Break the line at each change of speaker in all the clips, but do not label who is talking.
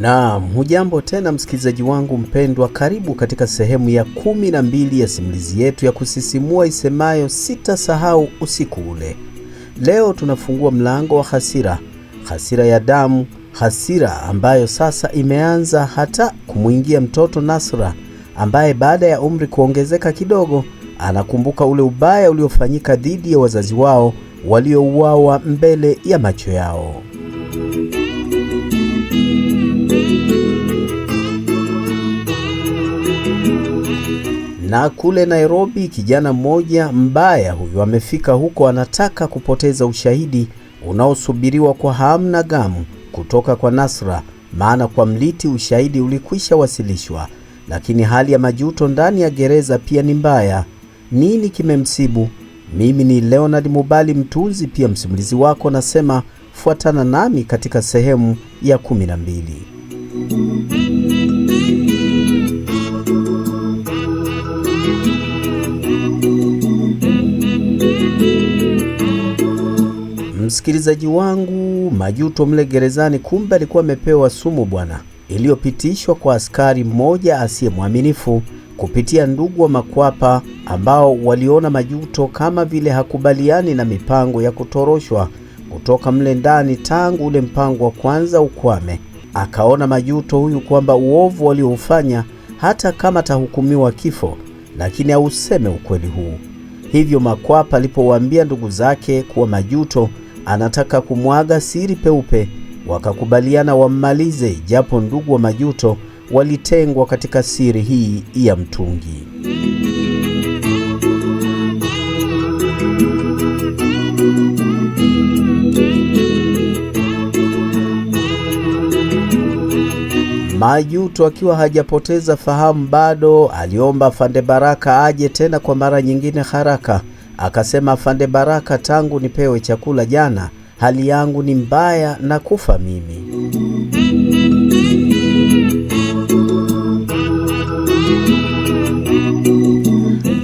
Naam, hujambo tena msikilizaji wangu mpendwa, karibu katika sehemu ya kumi na mbili ya simulizi yetu ya kusisimua isemayo Sitasahau Usiku Ule. Leo tunafungua mlango wa hasira, hasira ya damu hasira ambayo sasa imeanza hata kumwingia mtoto Nasra ambaye baada ya umri kuongezeka kidogo anakumbuka ule ubaya uliofanyika dhidi ya wazazi wao waliouawa mbele ya macho yao. Na kule Nairobi, kijana mmoja mbaya huyu amefika huko, anataka kupoteza ushahidi unaosubiriwa kwa hamu na gamu kutoka kwa Nasra, maana kwa Mliti ushahidi ulikwisha wasilishwa, lakini hali ya majuto ndani ya gereza pia ni mbaya. Nini kimemsibu? Mimi ni Leonard Mubali, mtunzi pia msimulizi wako, nasema fuatana nami katika sehemu ya kumi na mbili. msikilizaji wangu, Majuto mle gerezani, kumbe alikuwa amepewa sumu bwana, iliyopitishwa kwa askari mmoja asiye mwaminifu kupitia ndugu wa Makwapa ambao waliona Majuto kama vile hakubaliani na mipango ya kutoroshwa kutoka mle ndani tangu ule mpango wa kwanza ukwame. Akaona Majuto huyu kwamba uovu walioufanya hata kama atahukumiwa kifo, lakini auseme ukweli huu. Hivyo Makwapa alipowaambia ndugu zake kuwa Majuto anataka kumwaga siri peupe, wakakubaliana wammalize, japo ndugu wa Majuto walitengwa katika siri hii ya mtungi. Majuto akiwa hajapoteza fahamu bado, aliomba fande Baraka aje tena kwa mara nyingine haraka Akasema, afande Baraka, tangu nipewe chakula jana hali yangu ni mbaya na kufa mimi.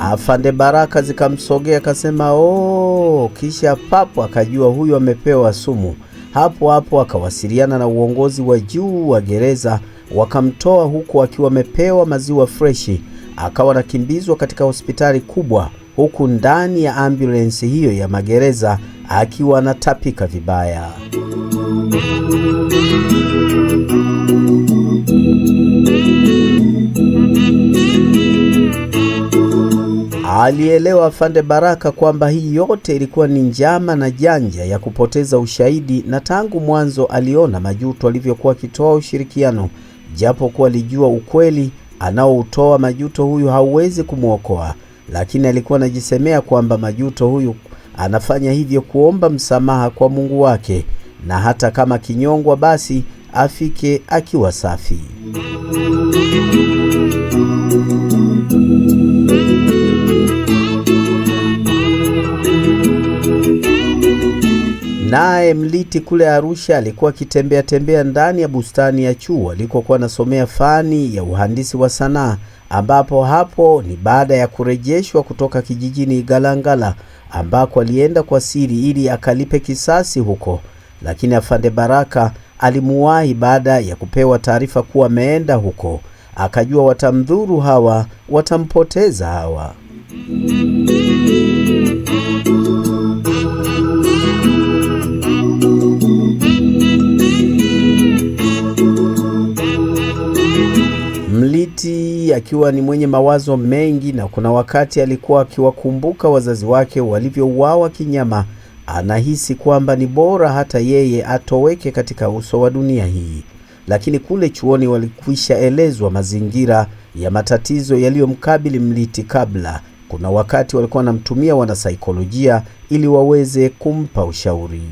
Afande Baraka zikamsogea akasema, oo. Oh, kisha papo akajua huyu amepewa sumu. Hapo hapo akawasiliana na uongozi wa juu wa gereza, wakamtoa huku akiwa amepewa maziwa freshi, akawa anakimbizwa katika hospitali kubwa huku ndani ya ambulensi hiyo ya magereza akiwa anatapika vibaya. Alielewa Afande Baraka kwamba hii yote ilikuwa ni njama na janja ya kupoteza ushahidi, na tangu mwanzo aliona Majuto alivyokuwa akitoa ushirikiano, japo kuwa alijua ukweli anaoutoa Majuto huyu hauwezi kumwokoa lakini alikuwa anajisemea kwamba Majuto huyu anafanya hivyo kuomba msamaha kwa Mungu wake na hata kama kinyongwa basi afike akiwa safi. Naye Mliti kule Arusha alikuwa akitembea tembea ndani ya bustani ya chuo alikokuwa anasomea fani ya uhandisi wa sanaa ambapo hapo ni baada ya kurejeshwa kutoka kijijini Galangala ambako alienda kwa siri ili akalipe kisasi huko, lakini Afande Baraka alimuwahi baada ya kupewa taarifa kuwa ameenda huko. Akajua watamdhuru hawa, watampoteza hawa. akiwa ni mwenye mawazo mengi na kuna wakati alikuwa akiwakumbuka wazazi wake walivyouawa kinyama, anahisi kwamba ni bora hata yeye atoweke katika uso wa dunia hii. Lakini kule chuoni walikwisha elezwa mazingira ya matatizo yaliyomkabili Mliti kabla. Kuna wakati walikuwa wanamtumia wanasaikolojia ili waweze kumpa ushauri.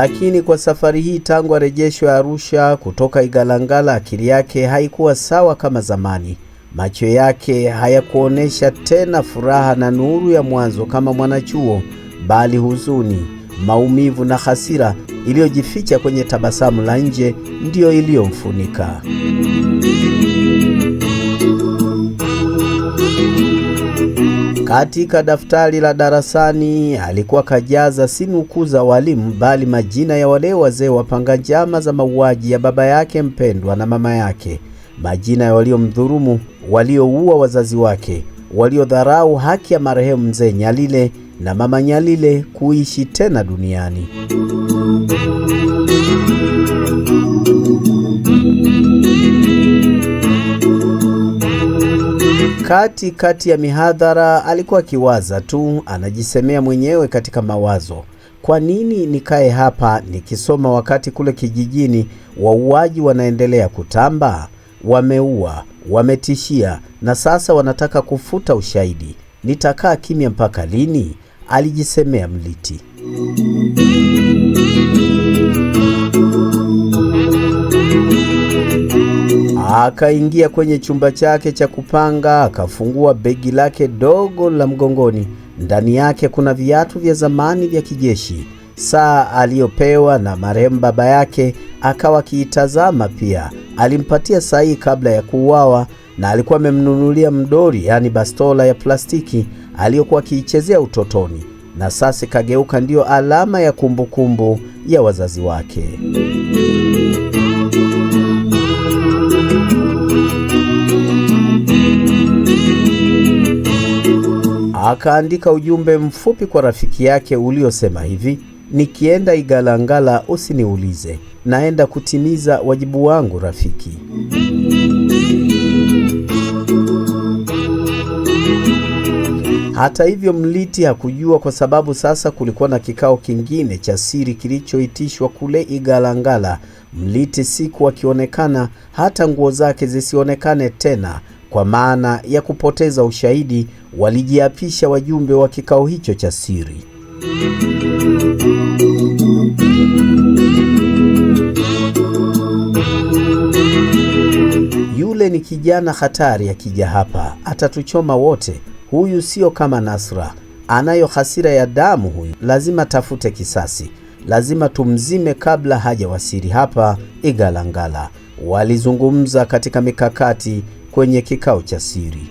Lakini kwa safari hii tangu arejeshwe Arusha kutoka Igalangala, akili yake haikuwa sawa kama zamani. Macho yake hayakuonesha tena furaha na nuru ya mwanzo kama mwanachuo, bali huzuni, maumivu na hasira iliyojificha kwenye tabasamu la nje ndiyo iliyomfunika. Katika daftari la darasani alikuwa kajaza si nukuu za walimu bali majina ya wale wazee wapanga njama za mauaji ya baba yake mpendwa na mama yake, majina ya waliomdhulumu, walioua wazazi wake, waliodharau haki ya marehemu mzee Nyalile na mama Nyalile kuishi tena duniani. Kati kati ya mihadhara alikuwa akiwaza tu, anajisemea mwenyewe katika mawazo, kwa nini nikae hapa nikisoma wakati kule kijijini wauaji wanaendelea kutamba? Wameua, wametishia, na sasa wanataka kufuta ushahidi. Nitakaa kimya mpaka lini? Alijisemea Mliti. Akaingia kwenye chumba chake cha kupanga, akafungua begi lake dogo la mgongoni. Ndani yake kuna viatu vya zamani vya kijeshi, saa aliyopewa na marehemu baba yake, akawa akiitazama pia. Alimpatia sahihi kabla ya kuuawa, na alikuwa amemnunulia mdori, yaani bastola ya plastiki aliyokuwa akiichezea utotoni, na sasa ikageuka ndiyo alama ya kumbukumbu kumbu ya wazazi wake. akaandika ujumbe mfupi kwa rafiki yake uliosema hivi: nikienda Igalangala usiniulize, naenda kutimiza wajibu wangu rafiki. Hata hivyo Mliti hakujua kwa sababu sasa kulikuwa na kikao kingine cha siri kilichoitishwa kule Igalangala. Mliti siku akionekana hata nguo zake zisionekane tena, kwa maana ya kupoteza ushahidi, walijiapisha wajumbe wa kikao hicho cha siri. Yule ni kijana hatari, akija hapa atatuchoma wote. Huyu sio kama Nasra, anayo hasira ya damu huyu. Lazima tafute kisasi, lazima tumzime kabla hajawasili hapa Igalangala. Walizungumza katika mikakati kwenye kikao cha siri.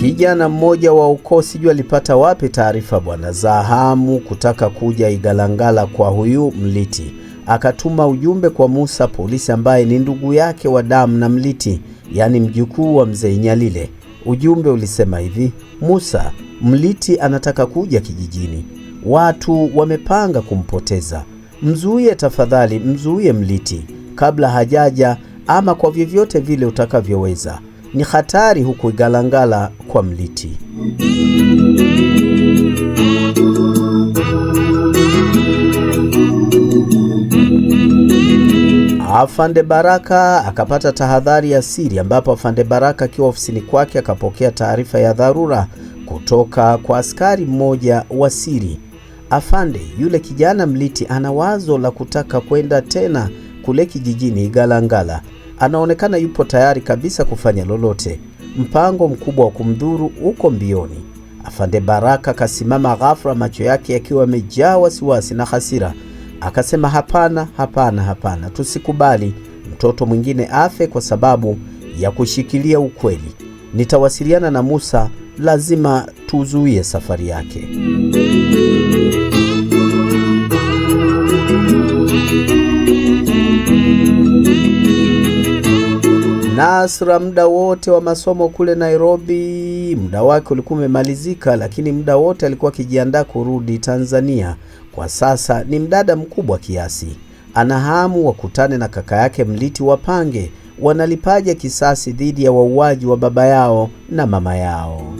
Kijana mmoja wa ukoo sijui alipata wapi taarifa bwana, za hamu kutaka kuja Igalangala kwa huyu Mliti, akatuma ujumbe kwa Musa polisi, ambaye ni ndugu yake wa damu na Mliti, yaani mjukuu wa mzee Nyalile. Ujumbe ulisema hivi: Musa, Mliti anataka kuja kijijini, watu wamepanga kumpoteza Mzuie tafadhali, mzuie Mliti kabla hajaja ama kwa vyovyote vile utakavyoweza. Ni hatari huku Igalangala kwa Mliti. Afande Baraka akapata tahadhari ya siri ambapo Afande Baraka akiwa ofisini kwake akapokea taarifa ya dharura kutoka kwa askari mmoja wa siri Afande, yule kijana Mliti ana wazo la kutaka kwenda tena kule kijijini galangala Anaonekana yupo tayari kabisa kufanya lolote. Mpango mkubwa wa kumdhuru uko mbioni. Afande Baraka akasimama ghafla, macho yake yakiwa yamejaa wasiwasi na hasira. Akasema, hapana, hapana, hapana, tusikubali mtoto mwingine afe kwa sababu ya kushikilia ukweli. Nitawasiliana na Musa, lazima tuzuie safari yake. Nasra muda wote wa masomo kule Nairobi, muda wake ulikuwa umemalizika, lakini muda wote alikuwa akijiandaa kurudi Tanzania. Kwa sasa ni mdada mkubwa kiasi, ana hamu wakutane na kaka yake Mliti wapange wanalipaja kisasi dhidi ya wauaji wa baba yao na mama yao.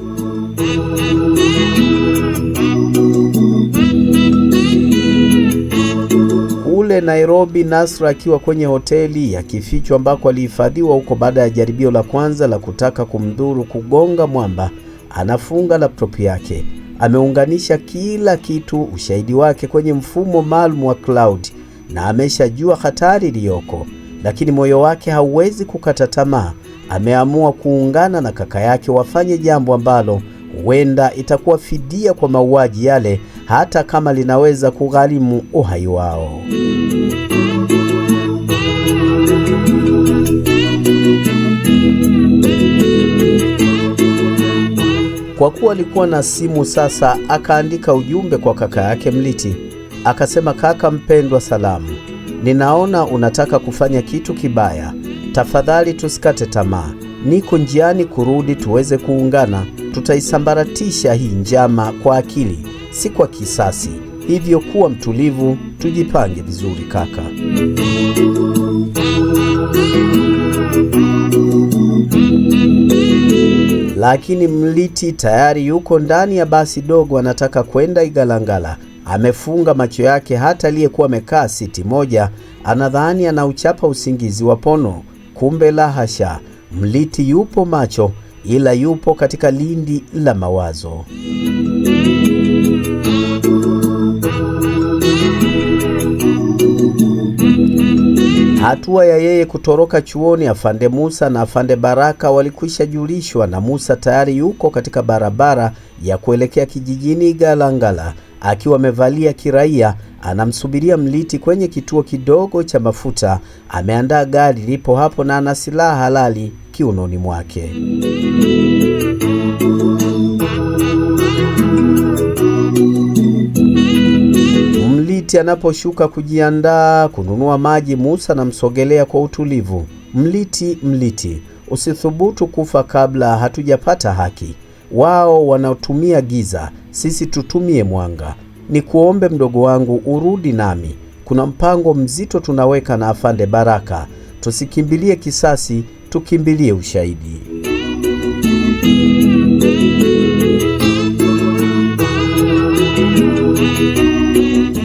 kule Nairobi, Nasra akiwa kwenye hoteli ya kificho ambako alihifadhiwa huko baada ya jaribio la kwanza la kutaka kumdhuru kugonga mwamba, anafunga laptop yake. Ameunganisha kila kitu, ushahidi wake kwenye mfumo maalum wa cloud, na ameshajua hatari iliyoko, lakini moyo wake hauwezi kukata tamaa. Ameamua kuungana na kaka yake wafanye jambo ambalo huenda itakuwa fidia kwa mauaji yale hata kama linaweza kugharimu uhai wao. Kwa kuwa alikuwa na simu sasa, akaandika ujumbe kwa kaka yake Mliti akasema, kaka mpendwa, salamu. Ninaona unataka kufanya kitu kibaya, tafadhali tusikate tamaa. Niko njiani kurudi tuweze kuungana, tutaisambaratisha hii njama kwa akili si kwa kisasi. Hivyo kuwa mtulivu, tujipange vizuri kaka. Lakini Mliti tayari yuko ndani ya basi dogo, anataka kwenda Igalangala. Amefunga macho yake, hata aliyekuwa amekaa siti moja anadhani anauchapa usingizi wa pono, kumbe la hasha. Mliti yupo macho ila yupo katika lindi la mawazo. Hatua ya yeye kutoroka chuoni, afande Musa na afande Baraka walikwisha julishwa na Musa tayari yuko katika barabara ya kuelekea kijijini Galangala akiwa amevalia kiraia, anamsubiria Mliti kwenye kituo kidogo cha mafuta. Ameandaa gari lipo hapo na ana silaha halali kiunoni mwake. Mliti anaposhuka kujiandaa kununua maji, Musa anamsogelea kwa utulivu. Mliti, Mliti, usithubutu kufa kabla hatujapata haki. Wao wanaotumia giza, sisi tutumie mwanga. Ni kuombe mdogo wangu urudi nami. Kuna mpango mzito tunaweka na Afande Baraka. Tusikimbilie kisasi, tukimbilie ushahidi.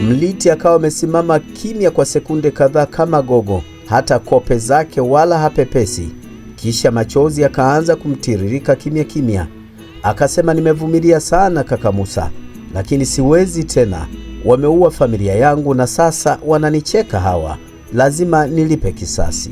Mliti akawa amesimama kimya kwa sekunde kadhaa kama gogo, hata kope zake wala hapepesi. Kisha machozi akaanza kumtiririka kimya kimya. Akasema, nimevumilia sana kaka Musa, lakini siwezi tena. Wameua familia yangu na sasa wananicheka hawa, lazima nilipe kisasi.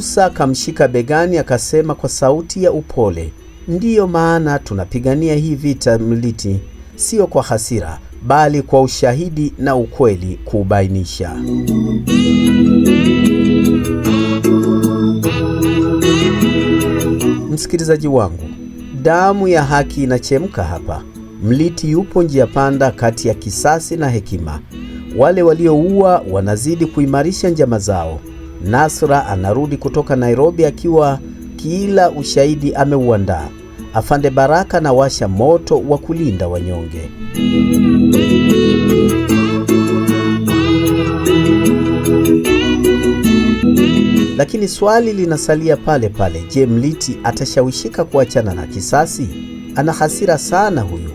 Musa akamshika begani akasema kwa sauti ya upole, ndiyo maana tunapigania hii vita Mliti, sio kwa hasira, bali kwa ushahidi na ukweli kuubainisha. Msikilizaji wangu, damu ya haki inachemka hapa. Mliti yupo njia panda kati ya kisasi na hekima. Wale walioua wanazidi kuimarisha njama zao. Nasra anarudi kutoka Nairobi akiwa kila ushahidi ameuandaa. Afande Baraka na washa moto wa kulinda wanyonge. Lakini swali linasalia pale pale. Je, Mliti atashawishika kuachana na kisasi? Ana hasira sana huyu,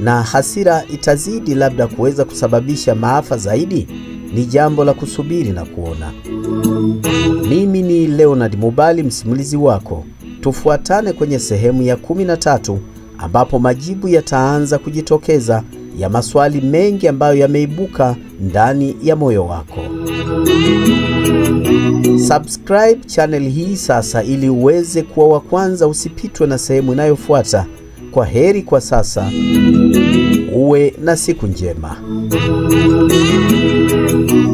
na hasira itazidi labda kuweza kusababisha maafa zaidi ni jambo la kusubiri na kuona. Mimi ni Leonard Mubali, msimulizi wako. Tufuatane kwenye sehemu ya 13 ambapo majibu yataanza kujitokeza ya maswali mengi ambayo yameibuka ndani ya moyo wako. Subscribe channel hii sasa ili uweze kuwa wa kwanza, usipitwe na sehemu inayofuata. Kwa heri kwa sasa, uwe na siku njema. Thank you.